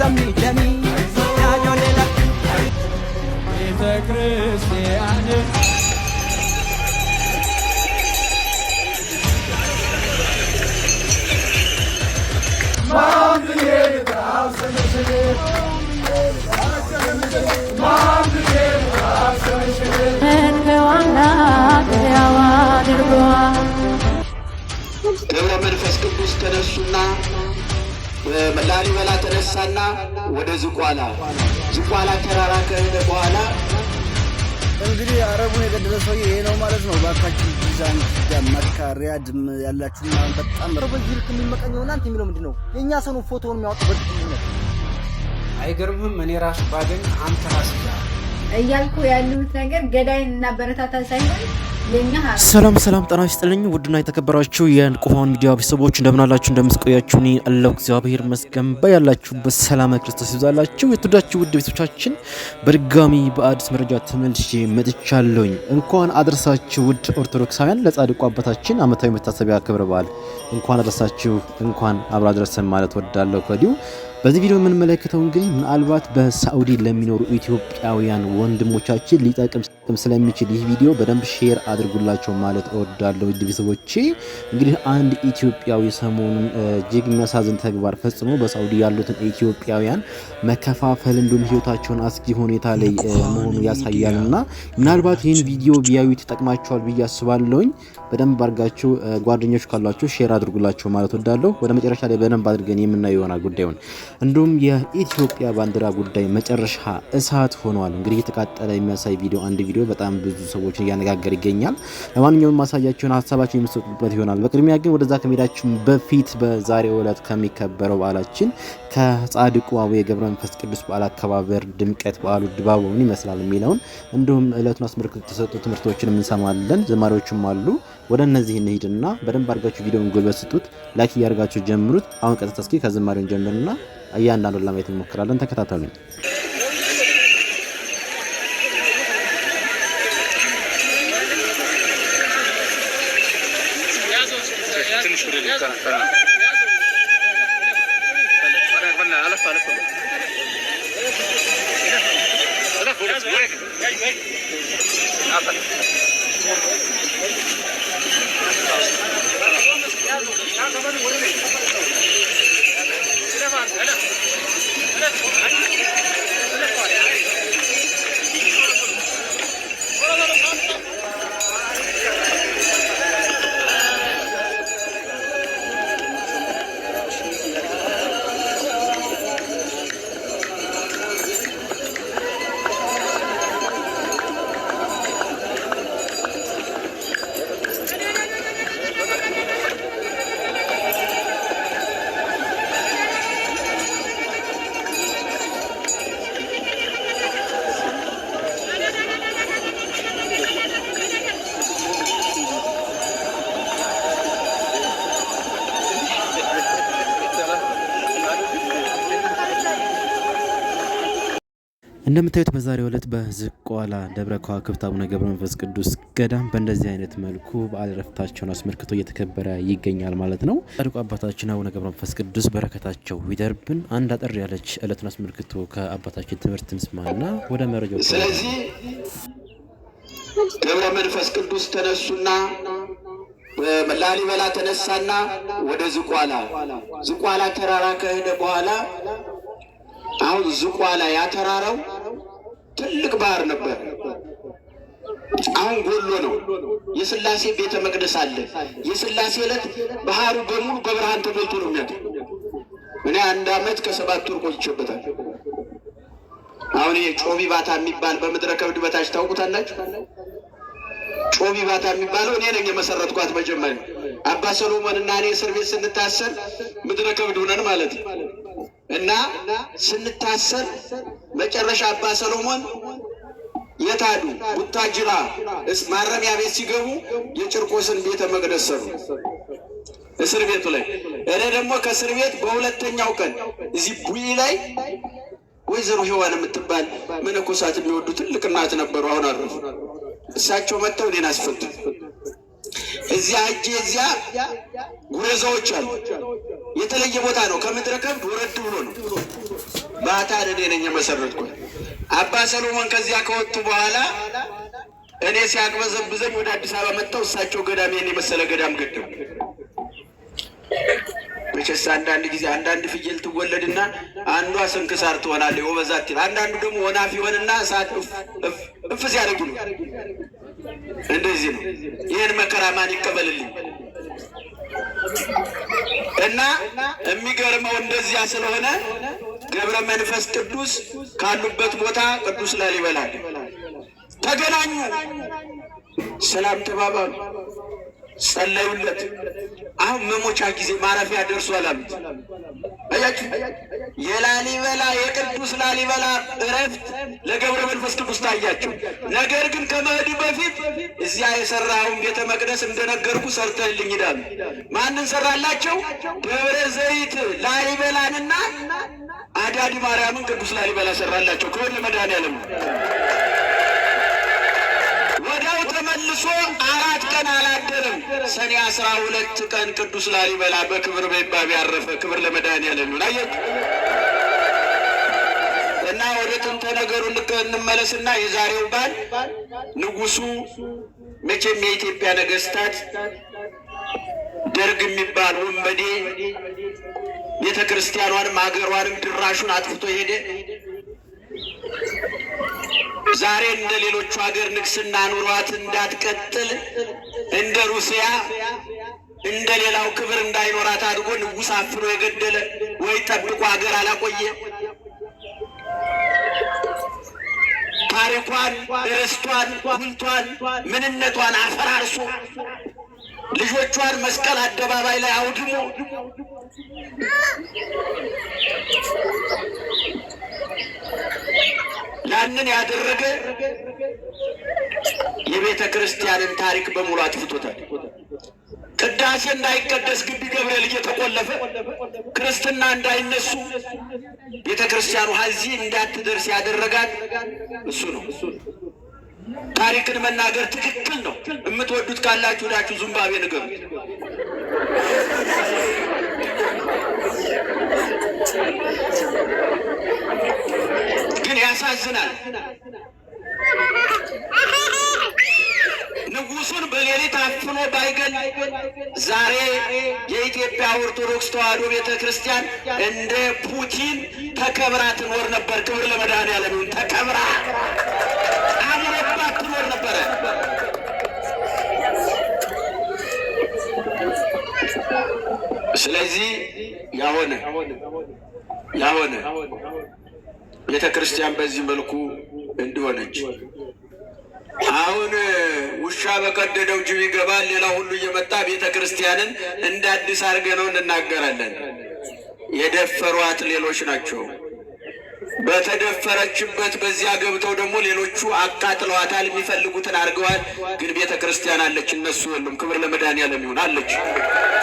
senza migliami Italiano nella Vita cristiana መንፈስ ቅዱስ ተነሱና ላሊበላ ተነሳና ወደ ዝቋላ ዝቋላ ተራራ ከሄደ በኋላ እንግዲህ አረቡን የገደለ ሰው ይሄ ነው ማለት ነው። ባካችሁ ዛን ዳማካ ሪያድ ያላችሁ በጣም በዚህ ልክ የሚመቀኘው እናንተ የሚለው ምንድን ነው? የእኛ ሰኑ ፎቶውን የሚያወጡበት ነው። አይገርምህም? እኔ ራሱ ባገኝ አንተ ራስ እያልኩ ያሉት ነገር ገዳይን እና በረታታ ሳይሆን ሰላም ሰላም፣ ጤና ይስጥልኝ ውድና የተከበራችሁ የንቁሆን ሚዲያ ቤተሰቦች እንደምናላችሁ፣ እንደምስቆያችሁ እኔ አለሁ እግዚአብሔር ይመስገን። ባላችሁበት ሰላም ክርስቶስ ይብዛላችሁ። የተወዳችሁ ውድ ቤቶቻችን በድጋሚ በአዲስ መረጃ ተመልሼ መጥቻለሁኝ። እንኳን አደረሳችሁ ውድ ኦርቶዶክሳውያን ለጻድቁ አባታችን አመታዊ መታሰቢያ ክብረ በዓል እንኳን አደረሳችሁ፣ እንኳን አብራ ደረሰን ማለት ወዳለሁ ከዲሁ በዚህ ቪዲዮ የምንመለከተው እንግዲህ ምናልባት በሳዑዲ ለሚኖሩ ኢትዮጵያውያን ወንድሞቻችን ሊጠቅም ስለሚችል ይህ ቪዲዮ በደንብ ሼር አድርጉላቸው ማለት እወዳለሁ። ውድ ቤተሰቦቼ እንግዲህ አንድ ኢትዮጵያዊ ሰሞኑን እጅግ የሚያሳዝን ተግባር ፈጽሞ በሳዑዲ ያሉትን ኢትዮጵያውያን መከፋፈል እንዲሁም ህይወታቸውን አስጊ ሁኔታ ላይ መሆኑ ያሳያል እና ምናልባት ይህን ቪዲዮ ቢያዩት ይጠቅማቸዋል ብዬ አስባለሁኝ። በደንብ አድርጋችሁ ጓደኞች ካሏቸው ሼር አድርጉላቸው ማለት እወዳለሁ። ወደ መጨረሻ ላይ በደንብ አድርገን የምናየው ይሆናል ጉዳዩን እንዲሁም የኢትዮጵያ ባንዲራ ጉዳይ መጨረሻ እሳት ሆኗል። እንግዲህ የተቃጠለ የሚያሳይ ቪዲዮ አንድ ቪዲዮ በጣም ብዙ ሰዎችን እያነጋገር ይገኛል። ለማንኛውም ማሳያቸውን ሀሳባቸው የሚሰጡበት ይሆናል። በቅድሚያ ግን ወደዛ ከመሄዳችን በፊት በዛሬው ዕለት ከሚከበረው በዓላችን ከጻድቁ አቡነ ገብረ መንፈስ ቅዱስ በዓል አከባበር ድምቀት፣ በዓሉ ድባቡ ምን ይመስላል የሚለውን እንዲሁም ዕለቱን አስመልክቶ የተሰጡ ትምህርቶችን እንሰማለን። ዘማሪዎችም አሉ። ወደ እነዚህ እንሂድና በደንብ አድርጋችሁ ቪዲዮን ጉልበት ስጡት፣ ላይክ እያደርጋችሁ ጀምሩት። አሁን ቀጥታ እስኪ ከዘማሪውን ጀምርና እያንዳንዱን ለማየት እንሞክራለን። ተከታተሉኝ። أنا أنا እንደምታዩት በዛሬው ዕለት በዝቋላ ደብረ ከዋክብት አቡነ ገብረ መንፈስ ቅዱስ ገዳም በእንደዚህ አይነት መልኩ በዓለ ዕረፍታቸውን አስመልክቶ እየተከበረ ይገኛል ማለት ነው። ጻድቁ አባታችን አቡነ ገብረ መንፈስ ቅዱስ በረከታቸው ይደርብን። አንድ አጠር ያለች ዕለቱን አስመልክቶ ከአባታችን ትምህርት እንስማና ወደ መረጃው። ስለዚህ ገብረ መንፈስ ቅዱስ ተነሱና ላሊበላ ተነሳና ወደ ዝቋላ ዝቋላ ተራራ ከሄደ በኋላ አሁን ዝቋላ ያተራረው ትልቅ ባህር ነበር። አሁን ጎሎ ነው። የስላሴ ቤተ መቅደስ አለ። የስላሴ ዕለት ባህሩ በሙሉ በብርሃን ተሞልቶ ነው የሚያ እኔ አንድ አመት ከሰባት ወር ቆይቼበታል። አሁን ይሄ ጮቢ ባታ የሚባል በምድረ ከብድ በታች ታውቁታላችሁ። ጮቢ ባታ የሚባለው እኔ ነኝ የመሰረትኳት መጀመሪያ አባ ሰሎሞን እና እኔ እስር ቤት ስንታሰር ምድረ ከብድ ሆነን ማለት ነው። እና ስንታሰር መጨረሻ አባ ሰሎሞን የታዱ ቡታጅራ ማረሚያ ቤት ሲገቡ የጭርቆስን ቤተ መቅደስ ሰሩ። እስር ቤቱ ላይ እኔ ደግሞ ከእስር ቤት በሁለተኛው ቀን እዚህ ቡይ ላይ ወይዘሮ ሔዋን የምትባል መነኮሳት የሚወዱ ትልቅ እናት ነበሩ። አሁን አረፉ። እሳቸው መጥተው እኔን አስፈቱ። እዚያ እጅ እዚያ ጉረዛዎች አሉ። የተለየ ቦታ ነው። ከምድረ ከብድ ወረድ ብሎ ነው። ባታ እኔ ነኝ የመሰረትኩት። አባ ሰሎሞን ከዚያ ከወጡ በኋላ እኔ ሲያቅበዘብዘኝ ወደ አዲስ አበባ መጥተው እሳቸው ገዳም ይህን የመሰለ ገዳም ገደሙ። መቼስ አንዳንድ ጊዜ አንዳንድ ፍየል ትወለድና አንዷ ስንክሳር ትሆናለች ወበዛት። አንዳንዱ ደግሞ ወናፍ ይሆንና እሳት እፍ ሲያደርግ ነው እንደዚህ ነው። ይህን መከራ ማን ይቀበልልኝ? እና የሚገርመው እንደዚያ ስለሆነ ገብረ መንፈስ ቅዱስ ካሉበት ቦታ ቅዱስ ላሊበላ ተገናኙ፣ ሰላም ተባባሉ፣ ጸለዩለት። አሁን መሞቻ ጊዜ ማረፊያ ደርሷል አሉት። የላሊበላ የቅዱስ ላሊበላ እረፍት ለገብረ መንፈስ ቅዱስ ታያቸው። ነገር ግን ከመሄዱ በፊት እዚያ የሰራውን ቤተ መቅደስ እንደነገርኩ ሰርተልኝ ይላሉ። ማንን ሰራላቸው? ደብረ ዘይት ላሊበላንና አዳዲ ማርያምን ቅዱስ ላሊበላ ሰራላቸው። ክብር ለመድኃኔዓለም። ተመልሶ አራት ቀን አላደረም። ሰኔ አስራ ሁለት ቀን ቅዱስ ላሊበላ በክብር በይባብ ያረፈ ክብር ለመድኃኔዓለም ይሁን። አየህ እና ወደ ጥንተ ነገሩ እንመለስና የዛሬው ባል ንጉሱ መቼም የኢትዮጵያ ነገስታት ደርግ የሚባል ወንበዴ ቤተ ክርስቲያኗንም ሀገሯንም ድራሹን አጥፍቶ ሄደ። ዛሬ እንደ ሌሎቹ ሀገር ንግስና ኑሯት እንዳትቀጥል እንደ ሩሲያ እንደ ሌላው ክብር እንዳይኖራት አድርጎ ንጉሥ አፍኖ የገደለ ወይ ጠብቆ ሀገር አላቆየ። ታሪኳን፣ ርስቷን፣ ሁልቷን፣ ምንነቷን አፈራርሶ ልጆቿን መስቀል አደባባይ ላይ አውድሞ ያንን ያደረገ የቤተ ክርስቲያንን ታሪክ በሙሉ አጥፍቶታል። ቅዳሴ እንዳይቀደስ ግቢ ገብርኤል እየተቆለፈ ክርስትና እንዳይነሱ ቤተ ክርስቲያኑ እዚህ እንዳትደርስ ያደረጋት እሱ ነው። ታሪክን መናገር ትክክል ነው። የምትወዱት ካላችሁ ዳችሁ ዙምባቤ ንገሩ። ያሳዝናል። ንጉሱን በሌሊት አፍኖ ባይገል ዛሬ የኢትዮጵያ ኦርቶዶክስ ተዋሕዶ ቤተ ክርስቲያን እንደ ፑቲን ተከብራ ትኖር ነበር። ክብር ለመድኃኔዓለም ይሁን። ተከብራ አምረባት ትኖር ነበረ። ስለዚህ ያሆነ ያሆነ ቤተ ክርስቲያን በዚህ መልኩ እንዲሆነች። አሁን ውሻ በቀደደው ጅብ ይገባል፣ ሌላ ሁሉ እየመጣ ቤተ ክርስቲያንን እንደ አዲስ ነው እንናገራለን። የደፈሯት ሌሎች ናቸው። በተደፈረችበት በዚያ ገብተው ደግሞ ሌሎቹ አቃጥለዋታል፣ የሚፈልጉትን አድርገዋል። ግን ቤተ ክርስቲያን አለች፣ እነሱ የሉም። ክብር ለመድኃኔዓለም ይሁን። አለች፣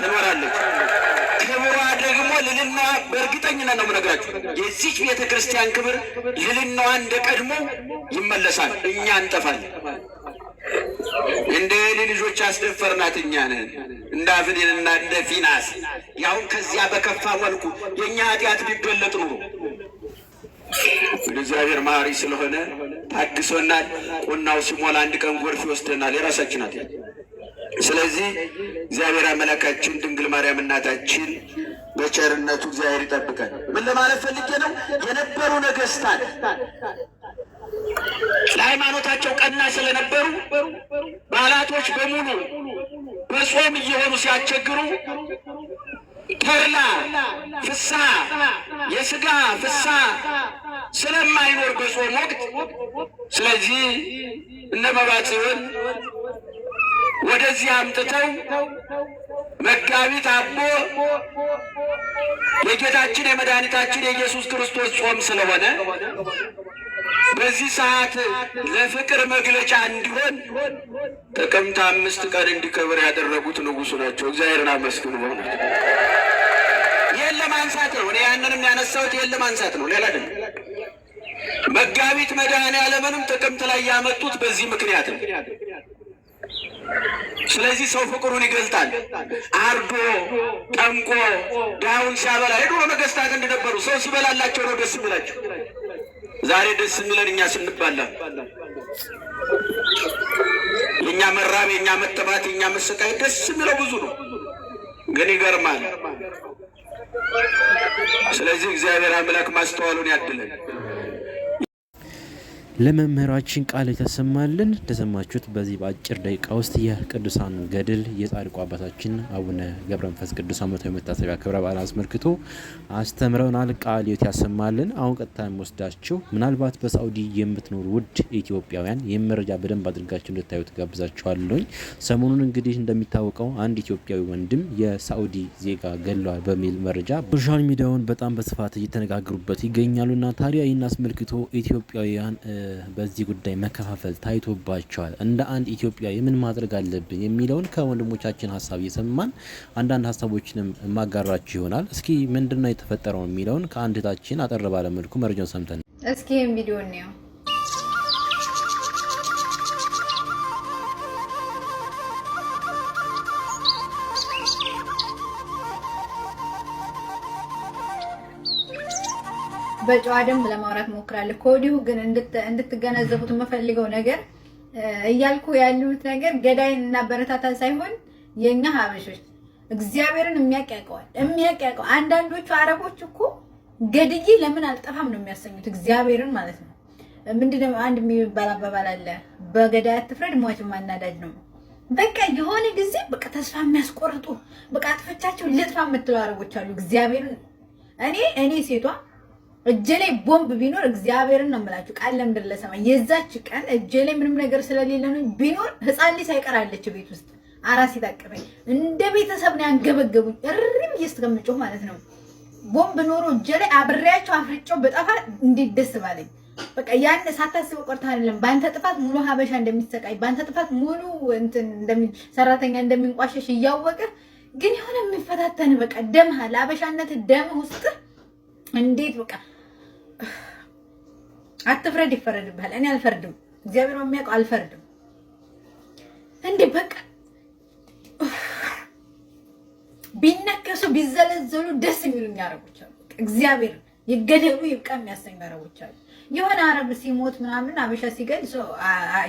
ትኖራለች። እና በእርግጠኝነት ነው የምነግራችሁ የዚች ቤተ ክርስቲያን ክብር ልልናዋ እንደ ቀድሞ ይመለሳል። እኛ እንጠፋል። እንደ ሌሊ ልጆች አስደፈርናት እኛ እንደ አፍኒንና እንደ ፊናስ ያሁን ከዚያ በከፋ መልኩ የእኛ ኃጢአት ቢገለጥ ኑሮ እግዚአብሔር ማሪ ስለሆነ ታግሶናል። ቁናው ሲሞላ አንድ ቀን ጎርፍ ይወስደናል። የራሳችን ናት። ስለዚህ እግዚአብሔር አምላካችን ድንግል ማርያም እናታችን በቸርነቱ እግዚአብሔር ይጠብቀን። ምን ለማለት ፈልጌ ነው? የነበሩ ነገስታት ለሃይማኖታቸው ቀና ስለነበሩ ባላቶች በሙሉ በጾም እየሆኑ ሲያስቸግሩ ተርላ ፍሳ የስጋ ፍሳ ስለማይኖር በጾም ወቅት ስለዚህ እነ ወደዚህ አምጥተው መጋቢት አቦ የጌታችን የመድኃኒታችን የኢየሱስ ክርስቶስ ጾም ስለሆነ በዚህ ሰዓት ለፍቅር መግለጫ እንዲሆን ጥቅምት አምስት ቀን እንዲከብር ያደረጉት ንጉሱ ናቸው። እግዚአብሔርን አመስግኑ። በእውነት ይህን ለማንሳት ነው እኔ ያንንም ያነሳሁት ይህን ለማንሳት ነው። ሌላ ደግሞ መጋቢት መድኃኔ ዓለምንም ጥቅምት ላይ ያመጡት በዚህ ምክንያት ነው። ስለዚህ ሰው ፍቅሩን ይገልጣል። አርዶ፣ ጠምቆ ድሃውን ሲያበላ የድሮ ነገስታት እንደነበሩ ሰው ሲበላላቸው ነው ደስ የሚላቸው። ዛሬ ደስ የሚለን እኛ ስንባላ፣ የእኛ መራብ፣ የእኛ መጠባት፣ የእኛ መሰቃይ ደስ የሚለው ብዙ ነው፣ ግን ይገርማል። ስለዚህ እግዚአብሔር አምላክ ማስተዋሉን ያድለን። ለመምህራችን ቃል የተሰማልን እንደሰማችሁት በዚህ በአጭር ደቂቃ ውስጥ የቅዱሳን ገድል የጻድቁ አባታችን አቡነ ገብረ መንፈስ ቅዱስ ዓመታዊ መታሰቢያ ክብረ በዓል አስመልክቶ አስተምረውናል። ቃል ዮት ያሰማልን። አሁን ቀጥታ የምወስዳችሁ ምናልባት በሳውዲ የምትኖሩ ውድ ኢትዮጵያውያን ይህም መረጃ በደንብ አድርጋችሁ እንድታዩት ጋብዛችኋለኝ። ሰሞኑን እንግዲህ እንደሚታወቀው አንድ ኢትዮጵያዊ ወንድም የሳዑዲ ዜጋ ገድለዋል በሚል መረጃ ሶሻል ሚዲያውን በጣም በስፋት እየተነጋገሩበት ይገኛሉና ታዲያ ይህን አስመልክቶ ኢትዮጵያውያን በዚህ ጉዳይ መከፋፈል ታይቶባቸዋል። እንደ አንድ ኢትዮጵያ የምን ማድረግ አለብን የሚለውን ከወንድሞቻችን ሀሳብ እየሰማን አንዳንድ ሀሳቦችንም ማጋራች ይሆናል። እስኪ ምንድነው የተፈጠረው የሚለውን ከአንድ እህታችን አጠር ባለመልኩ መረጃውን ሰምተን እስኪ ይህም ቪዲዮ በጨዋ ደንብ ለማውራት ሞክራለሁ። ከወዲሁ ግን እንድትገነዘቡት የምፈልገው ነገር እያልኩ ያሉት ነገር ገዳይን እና በረታታ ሳይሆን የኛ ሀበሾች እግዚአብሔርን የሚያውቅ ያውቀዋል። የሚያውቅ ያውቀዋል። አንዳንዶቹ አረቦች እኮ ገድዬ ለምን አልጠፋም ነው የሚያሰኙት፣ እግዚአብሔርን ማለት ነው። ምንድነው አንድ የሚባል አባባል አለ፣ በገዳይ አትፍረድ ሟች ማናዳጅ ነው። በቃ የሆነ ጊዜ በቃ ተስፋ የሚያስቆርጡ በቃ አጥፈቻቸው ልጥፋ የምትለው አረቦች አሉ። እግዚአብሔርን እኔ እኔ ሴቷ እጄ ላይ ቦምብ ቢኖር እግዚአብሔርን ነው የምላችሁ፣ ቃል ለምድር ለሰማይ የዛች ቀን እጄ ላይ ምንም ነገር ስለሌለ ነው። ቢኖር ህፃን ልጅ ሳይቀራለች ቤት ውስጥ አራስ የታቀፈኝ እንደ ቤተሰብ ነው ያንገበገቡኝ። እርም እየስተቀምጮ ማለት ነው። ቦምብ ኖሮ እጄ ላይ አብሬያቸው አፍርጫው በጠፋ እንዴት ደስ ባለኝ። በቃ ያን ሳታስብ ቆርታ አይደለም። በአንተ ጥፋት ሙሉ ሀበሻ እንደሚሰቃይ፣ በአንተ ጥፋት ሙሉ እንትን ሰራተኛ እንደሚንቋሸሽ እያወቀ ግን የሆነ የሚፈታተን በቃ ደምህ ለአበሻነት ደምህ ውስጥ እንዴት በቃ አትፍረድ ይፈረድብሃል። እኔ አልፈርድም፣ እግዚአብሔር በሚያውቀው አልፈርድም። እንዲህ በቃ ቢነከሱ ቢዘለዘሉ ደስ የሚሉኝ አረቦች አሉ። እግዚአብሔር ይገደሉ ይብቃ የሚያሰኙ አረቦች አሉ። የሆነ አረብ ሲሞት ምናምን አበሻ ሲገድ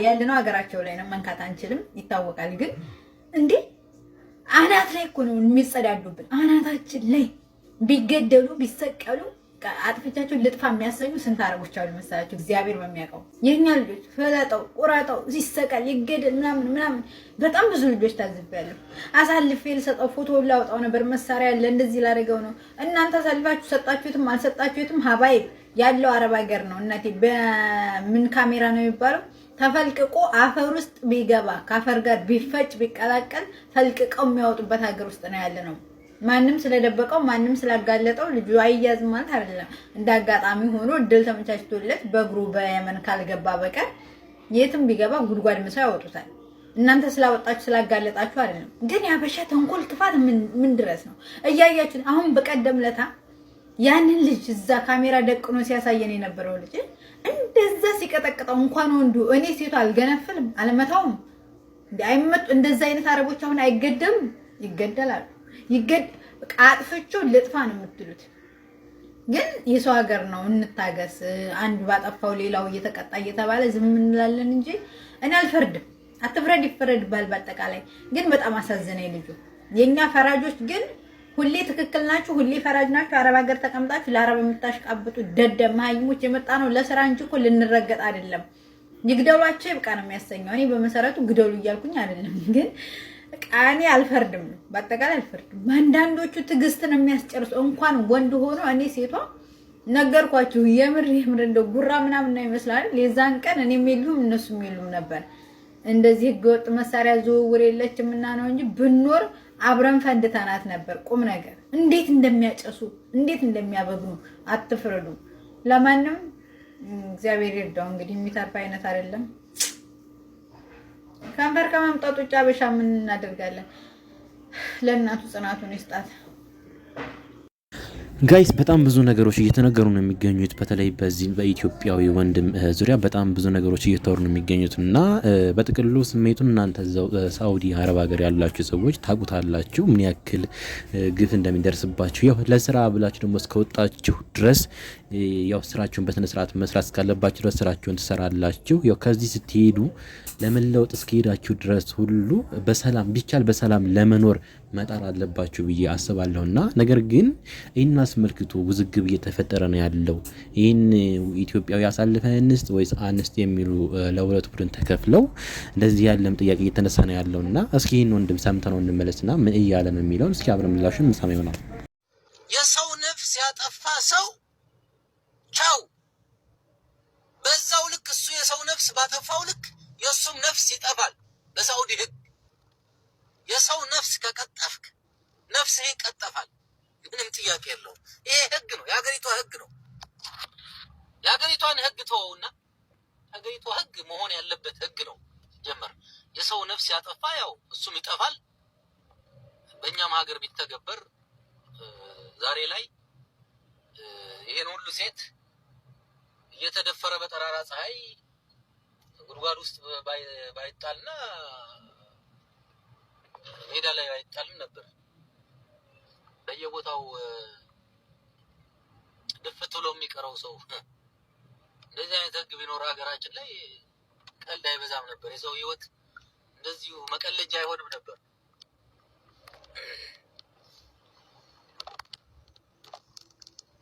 ያለነው ሀገራቸው ላይ ነው፣ መንካት አንችልም፣ ይታወቃል። ግን እንዴ አናት ላይ እኮ ነው የሚጸዳዱብን። አናታችን ላይ ቢገደሉ ቢሰቀሉ አጥፍቻቸው ልጥፋ የሚያሰኙ ስንት አረቦች አሉ መሰላቸው። እግዚአብሔር በሚያውቀው የኛ ልጆች ፍለጠው ቁረጠው ሲሰቀል ይገደል ምናምን ምናምን በጣም ብዙ ልጆች ታዝቤያለሁ። አሳልፌ ልሰጠው ፎቶ ላውጣው ነበር መሳሪያ ያለ እንደዚህ ላደርገው ነው። እናንተ አሳልፋችሁ ሰጣችሁትም አልሰጣችሁትም ሀባይ ያለው አረብ ሀገር ነው። እናቴ በምን ካሜራ ነው የሚባለው? ተፈልቅቆ አፈር ውስጥ ቢገባ ከአፈር ጋር ቢፈጭ ቢቀላቀል ፈልቅቀው የሚያወጡበት ሀገር ውስጥ ነው ያለ ነው። ማንም ስለደበቀው ማንም ስላጋለጠው ልጁ አይያዝም ማለት አይደለም። እንደ አጋጣሚ ሆኖ እድል ተመቻችቶለት በእግሩ በየመን ካልገባ በቀር የትም ቢገባ ጉድጓድ መስሎ ያወጡታል። እናንተ ስላወጣችሁ ስላጋለጣችሁ አይደለም። ግን ያበሻ ተንኮል ክፋት ምን ድረስ ነው? እያያችሁ አሁን በቀደም ለታ ያንን ልጅ እዛ ካሜራ ደቅኖ ሲያሳየን የነበረው ልጅ እንደዛ ሲቀጠቅጠው እንኳን ወንዱ እኔ ሴቷ አልገነፍልም አልመታውም። እንደዛ አይነት አረቦች አሁን አይገደሉም? ይገደላሉ። ይገድ አጥፍቼው ልጥፋ ነው የምትሉት። ግን የሰው ሀገር ነው፣ እንታገስ። አንዱ ባጠፋው ሌላው እየተቀጣ እየተባለ ዝም እንላለን እንጂ እኔ አልፈርድም። አትፍረድ ባል በአጠቃላይ ግን በጣም አሳዘነኝ ልጁ። የእኛ ፈራጆች ግን ሁሌ ትክክል ናችሁ፣ ሁሌ ፈራጅ ናችሁ። አረብ ሀገር ተቀምጣችሁ ለአረብ የምታሽቃብጡ ደደብ መሀይሞች፣ የመጣ ነው ለስራ እንጂ እኮ ልንረገጥ አይደለም። ይግደሏቸው ይብቃ ነው የሚያሰኘው። እኔ በመሰረቱ ግደሉ እያልኩኝ አይደለም ግን እኔ አልፈርድም፣ በአጠቃላይ አልፈርድም። አንዳንዶቹ ትዕግስትን የሚያስጨርሱ። እንኳን ወንድ ሆኖ እኔ ሴቷ ነገርኳችሁ፣ የምር የምር እንደ ጉራ ምናምን ነው ይመስላል። የዛን ቀን እኔ የሚሉም እነሱ የሚሉም ነበር እንደዚህ ህገወጥ መሳሪያ ዝውውር የለች እና ነው እንጂ ብኖር አብረን ፈንድተናት ነበር። ቁም ነገር እንዴት እንደሚያጨሱ እንዴት እንደሚያበግኑ አትፍረዱ። ለማንም እግዚአብሔር ይርዳው። እንግዲህ የሚተርፍ አይነት አይደለም። ከንበር ከማምጣት ውጭ አበሻ ምን እናደርጋለን? ለእናቱ ጽናቱን ይስጣት። ጋይስ በጣም ብዙ ነገሮች እየተነገሩ ነው የሚገኙት። በተለይ በዚህ በኢትዮጵያዊ ወንድም ዙሪያ በጣም ብዙ ነገሮች እየተወሩ ነው የሚገኙት እና በጥቅሉ ስሜቱን እናንተ እዛው ሳውዲ አረብ ሀገር ያላችሁ ሰዎች ታውቁታላችሁ፣ ምን ያክል ግፍ እንደሚደርስባችሁ። ያው ለስራ ብላችሁ ደግሞ እስከወጣችሁ ድረስ ያው ስራችሁን በስነስርዓት መስራት እስካለባችሁ ድረስ ስራችሁን ትሰራላችሁ። ያው ከዚህ ስትሄዱ ለመለወጥ እስከሄዳችሁ ድረስ ሁሉ በሰላም ቢቻል በሰላም ለመኖር መጣር አለባችሁ ብዬ አስባለሁ እና ነገር ግን ይህን አስመልክቶ ውዝግብ እየተፈጠረ ነው ያለው። ይህን ኢትዮጵያዊ አሳልፈ እንስጥ ወይስ አንስጥ የሚሉ ለሁለት ቡድን ተከፍለው እንደዚህ ያለም ጥያቄ እየተነሳ ነው ያለው እና እስኪ ይህን ወንድም ሰምተ ነው እንመለስ ና ምን እያለ ነው የሚለውን እስኪ አብረ ምላሹን ምሳሜ ይሆናል የሰው ነፍስ ያጠፋ ሰው ነፍስ ይጠፋል። በሳውዲ ህግ የሰው ነፍስ ከቀጠፍክ ነፍስህ ይቀጠፋል። ምንም ጥያቄ የለውም። ይሄ ህግ ነው፣ የሀገሪቷ ህግ ነው። የሀገሪቷን ህግ ተወውና ሀገሪቷ ህግ መሆን ያለበት ህግ ነው። ጀመር የሰው ነፍስ ያጠፋ ያው እሱም ይጠፋል። በእኛም ሀገር ቢተገበር ዛሬ ላይ ይሄን ሁሉ ሴት እየተደፈረ በጠራራ ፀሐይ ጉድጓድ ውስጥ ባይጣልና ሜዳ ላይ ባይጣልም ነበር። በየቦታው ድፍት ብሎ የሚቀረው ሰው እንደዚህ አይነት ህግ ቢኖር ሀገራችን ላይ ቀልድ አይበዛም ነበር። የሰው ህይወት እንደዚሁ መቀለጃ አይሆንም ነበር።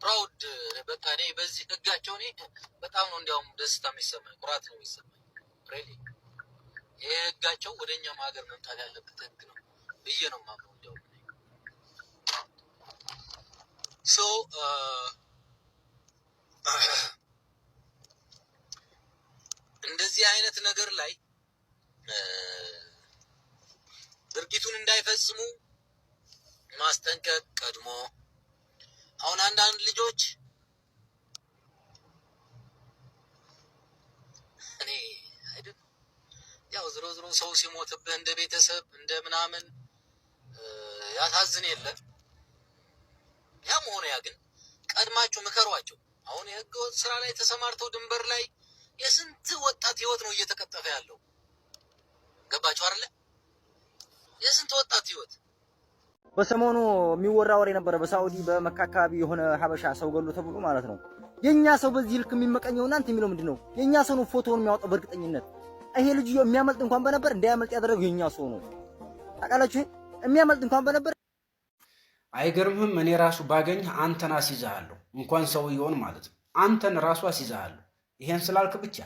ፕራውድ በቃ እኔ በዚህ ህጋቸው እኔ በጣም ነው እንዲያውም ደስታ የሚሰማኝ ኩራት ነው የሚሰማኝ። ሬሊ ይሄ ህጋቸው ወደ እኛም ሀገር መምጣት ያለበት ህግ ነው ብዬ ነው ማምነው። እንዲያውም ሶ uh, እንደዚህ አይነት ነገር ላይ uh, ድርጊቱን እንዳይፈጽሙ ማስጠንቀቅ ቀድሞ አሁን አንዳንድ ልጆች እኔ ያው ዝሮ ዝሮ ሰው ሲሞትብህ እንደ ቤተሰብ እንደ ምናምን ያሳዝን የለ። ያም ሆነ ያ ግን ቀድማችሁ ምከሯቸው። አሁን የህገወጥ ስራ ላይ ተሰማርተው ድንበር ላይ የስንት ወጣት ህይወት ነው እየተቀጠፈ ያለው። ገባችሁ አይደለ? የስንት ወጣት ህይወት በሰሞኑ የሚወራ ወሬ ነበረ። በሳዑዲ በመካ አካባቢ የሆነ ሀበሻ ሰው ገሎ ተብሎ ማለት ነው። የእኛ ሰው በዚህ ልክ የሚመቀኘው እናንተ የሚለው ምንድን ነው? የእኛ ሰው ነው ፎቶውን የሚያወጣው በእርግጠኝነት ይሄ ልጅ የሚያመልጥ እንኳን በነበር እንዳያመልጥ ያደረገው የኛ ሰው ነው። ታውቃላችሁ፣ የሚያመልጥ እንኳን በነበር አይገርምህም? እኔ ራሱ ባገኝህ አንተን አስይዝሃለሁ። እንኳን ይሆን ማለት ነው አንተን ራሱ አስይዝሃለሁ። ይሄን ስላልክ ብቻ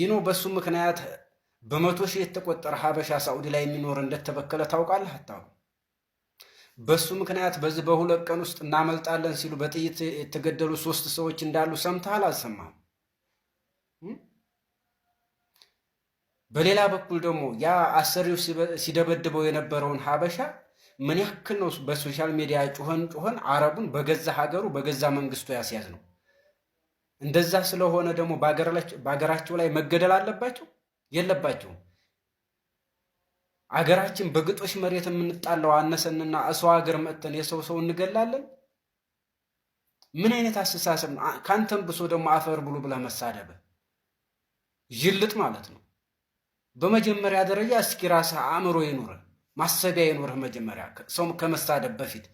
ይህ በሱ ምክንያት በመቶ ሺህ የተቆጠረ ሀበሻ ሳኡዲ ላይ የሚኖር እንደተበከለ ታውቃለህ አታውቅም? በሱ ምክንያት በዚህ በሁለት ቀን ውስጥ እናመልጣለን ሲሉ በጥይት የተገደሉ ሶስት ሰዎች እንዳሉ ሰምተሃል አልሰማህም? በሌላ በኩል ደግሞ ያ አሰሪው ሲደበድበው የነበረውን ሀበሻ ምን ያክል ነው በሶሻል ሚዲያ ጩኸን ጩኸን አረቡን በገዛ ሀገሩ በገዛ መንግስቱ ያስያዝ ነው። እንደዛ ስለሆነ ደግሞ በሀገራቸው ላይ መገደል አለባቸው የለባቸውም። አገራችን በግጦሽ መሬት የምንጣለው አነሰንና እሰው ሀገር መጥተን የሰው ሰው እንገላለን። ምን አይነት አስተሳሰብ ነው? ከአንተም ብሶ ደግሞ አፈር ብሉ ብለህ መሳደብ ይልጥ ማለት ነው። በመጀመሪያ ደረጃ እስኪ ራስ አእምሮ ይኑርህ፣ ማሰቢያ ይኑርህ። መጀመሪያ ሰው ከመሳደብ በፊት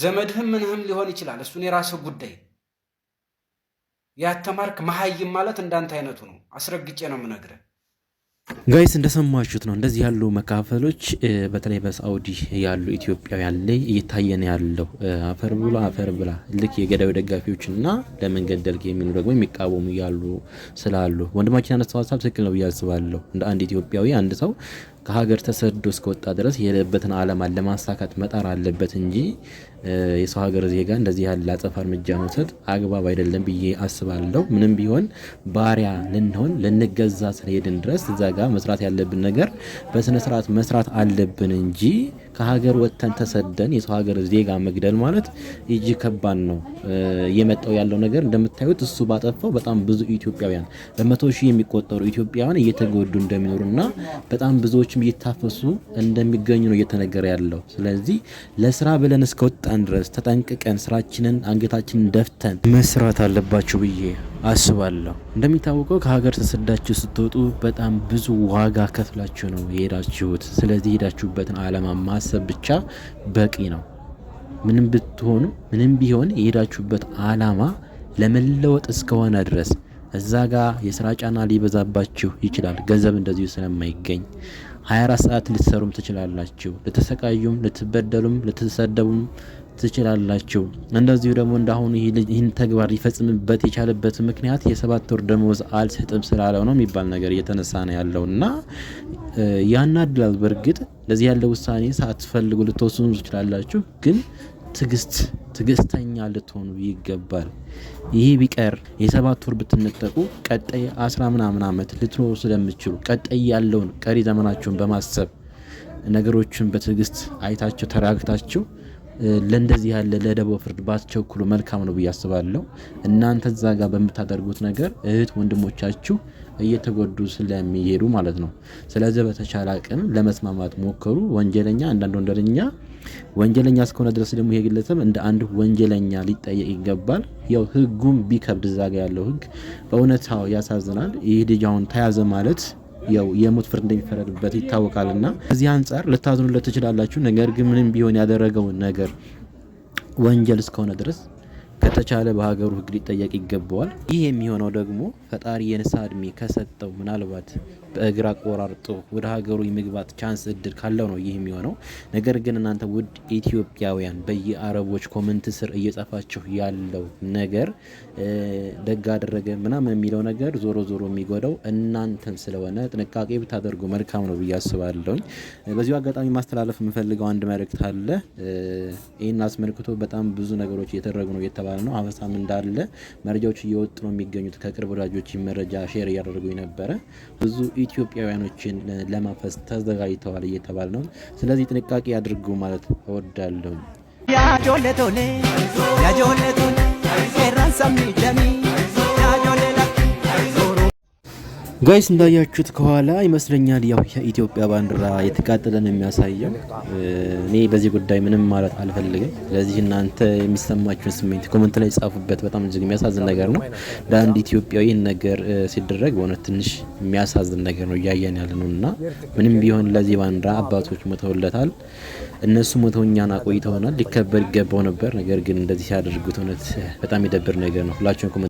ዘመድህም ምንህም ሊሆን ይችላል። እሱን የራስህ ጉዳይ። ያተማርክ መሀይም ማለት እንዳንተ አይነቱ ነው። አስረግጬ ነው የምነግርህ። ጋይስ እንደሰማችሁት ነው። እንደዚህ ያሉ መካፈሎች በተለይ በሳውዲ ያሉ ኢትዮጵያውያን ላይ እየታየን ያለው። አፈር ብላ አፈር ብላ ልክ የገዳዩ ደጋፊዎች እና ለመንገድ ደልግ የሚሉ ደግሞ የሚቃወሙ እያሉ ስላሉ ወንድማችን ያነሳው ሀሳብ ትክክል ነው ብዬ አስባለሁ። እንደ አንድ ኢትዮጵያዊ አንድ ሰው ከሀገር ተሰዶ እስከወጣ ድረስ የሄደበትን ዓላማን ለማሳካት መጣር አለበት እንጂ የሰው ሀገር ዜጋ እንደዚህ ያለ አጸፋ እርምጃ መውሰድ አግባብ አይደለም ብዬ አስባለሁ። ምንም ቢሆን ባሪያ ልንሆን ልንገዛ ስለሄድን ድረስ እዛ ጋር መስራት ያለብን ነገር በስነስርዓት መስራት አለብን እንጂ ከሀገር ወጥተን ተሰደን የሰው ሀገር ዜጋ መግደል ማለት እጅ ከባድ ነው። እየመጣው ያለው ነገር እንደምታዩት እሱ ባጠፋው በጣም ብዙ ኢትዮጵያውያን በመቶ ሺህ የሚቆጠሩ ኢትዮጵያውያን እየተጎዱ እንደሚኖሩ እና በጣም ብዙዎችም እየታፈሱ እንደሚገኙ ነው እየተነገረ ያለው። ስለዚህ ለስራ ብለን እስከወጣን ድረስ ተጠንቅቀን ስራችንን አንገታችንን ደፍተን መስራት አለባቸው ብዬ አስባለሁ። እንደሚታወቀው ከሀገር ተሰዳችሁ ስትወጡ በጣም ብዙ ዋጋ ከፍላችሁ ነው የሄዳችሁት። ስለዚህ ሄዳችሁበትን ዓላማ ማሰብ ብቻ በቂ ነው። ምንም ብትሆኑ ምንም ቢሆን የሄዳችሁበት ዓላማ ለመለወጥ እስከሆነ ድረስ እዛ ጋ የስራ ጫና ሊበዛባችሁ ይችላል። ገንዘብ እንደዚሁ ስለማይገኝ 24 ሰዓት ልትሰሩም ትችላላችሁ። ልትሰቃዩም፣ ልትበደሉም፣ ልትሰደቡም ትችላላችሁ። እንደዚሁ ደግሞ እንዳሁኑ ይህን ተግባር ሊፈጽምበት የቻለበት ምክንያት የሰባት ወር ደመወዝ አልሰጥም ስላለው ነው የሚባል ነገር እየተነሳ ነው ያለው እና ያናድላል። በእርግጥ ለዚህ ያለ ውሳኔ ሳትፈልጉ ልትወስኑ ትችላላችሁ ግን ትግስት ትግስተኛ ልትሆኑ ይገባል። ይህ ቢቀር የሰባት ወር ብትነጠቁ ቀጣይ አስራ ምናምን ዓመት ልትኖሩ ስለምችሉ ቀጣይ ያለውን ቀሪ ዘመናችሁን በማሰብ ነገሮችን በትዕግስት አይታቸው ተረጋግታችሁ ለእንደዚህ ያለ ለደቦ ፍርድ ባትቸኩሉ መልካም ነው ብዬ አስባለሁ። እናንተ እዛ ጋር በምታደርጉት ነገር እህት ወንድሞቻችሁ እየተጎዱ ስለሚሄዱ ማለት ነው። ስለዚህ በተቻለ አቅም ለመስማማት ሞከሩ። ወንጀለኛ አንዳንድ ወንጀለኛ ወንጀለኛ እስከሆነ ድረስ ደግሞ ይሄ ግለሰብ እንደ አንድ ወንጀለኛ ሊጠየቅ ይገባል። ያው ህጉም ቢከብድ እዛ ጋ ያለው ህግ በእውነታው ያሳዝናል። ይህ ልጅ አሁን ተያዘ ማለት ያው የሞት ፍርድ እንደሚፈረድበት ይታወቃል እና ከዚህ አንጻር ልታዝኑለት ትችላላችሁ። ነገር ግን ምንም ቢሆን ያደረገውን ነገር ወንጀል እስከሆነ ድረስ ከተቻለ በሀገሩ ሕግ ሊጠየቅ ይገባዋል። ይህ የሚሆነው ደግሞ ፈጣሪ የንስሐ እድሜ ከሰጠው ምናልባት በእግር አቆራርጦ ወደ ሀገሩ የመግባት ቻንስ እድል ካለው ነው ይህ የሚሆነው። ነገር ግን እናንተ ውድ ኢትዮጵያውያን በየአረቦች ኮመንት ስር እየጻፋችሁ ያለው ነገር ደግ አደረገ ምናምን የሚለው ነገር ዞሮ ዞሮ የሚጎዳው እናንተን ስለሆነ ጥንቃቄ ብታደርጉ መልካም ነው ብዬ አስባለሁኝ። በዚሁ አጋጣሚ ማስተላለፍ የምፈልገው አንድ መልእክት አለ። ይህን አስመልክቶ በጣም ብዙ ነገሮች እየተደረጉ ነው እየተባለ ነው። አፈሳም እንዳለ መረጃዎች እየወጡ ነው የሚገኙት። ከቅርብ ወዳጆች መረጃ ሼር እያደረጉኝ ነበረ ብዙ ኢትዮጵያውያኖችን ለማፈስ ተዘጋጅተዋል እየተባለ ነው። ስለዚህ ጥንቃቄ አድርጉ ማለት እወዳለሁ። ያጆለቶሌ ያጆለቶሌ ራንሳሚ ለሚ ጋይስ እንዳያችሁት ከኋላ ይመስለኛል ያው የኢትዮጵያ ባንዲራ የተቃጠለ ነው የሚያሳየው። እኔ በዚህ ጉዳይ ምንም ማለት አልፈልግም። ስለዚህ እናንተ የሚሰማችሁን ስሜት ኮመንት ላይ ጻፉበት። በጣም እጅግ የሚያሳዝን ነገር ነው። ለአንድ ኢትዮጵያዊ ይህን ነገር ሲደረግ በእውነት ትንሽ የሚያሳዝን ነገር ነው እያየን ያለ ነው እና ምንም ቢሆን ለዚህ ባንዲራ አባቶች ሞተውለታል። እነሱ ሞተው እኛን አቆይተውናል። ሊከበር ይገባው ነበር። ነገር ግን እንደዚህ ሲያደርጉት እውነት በጣም የደብር ነገር ነው። ሁላችሁን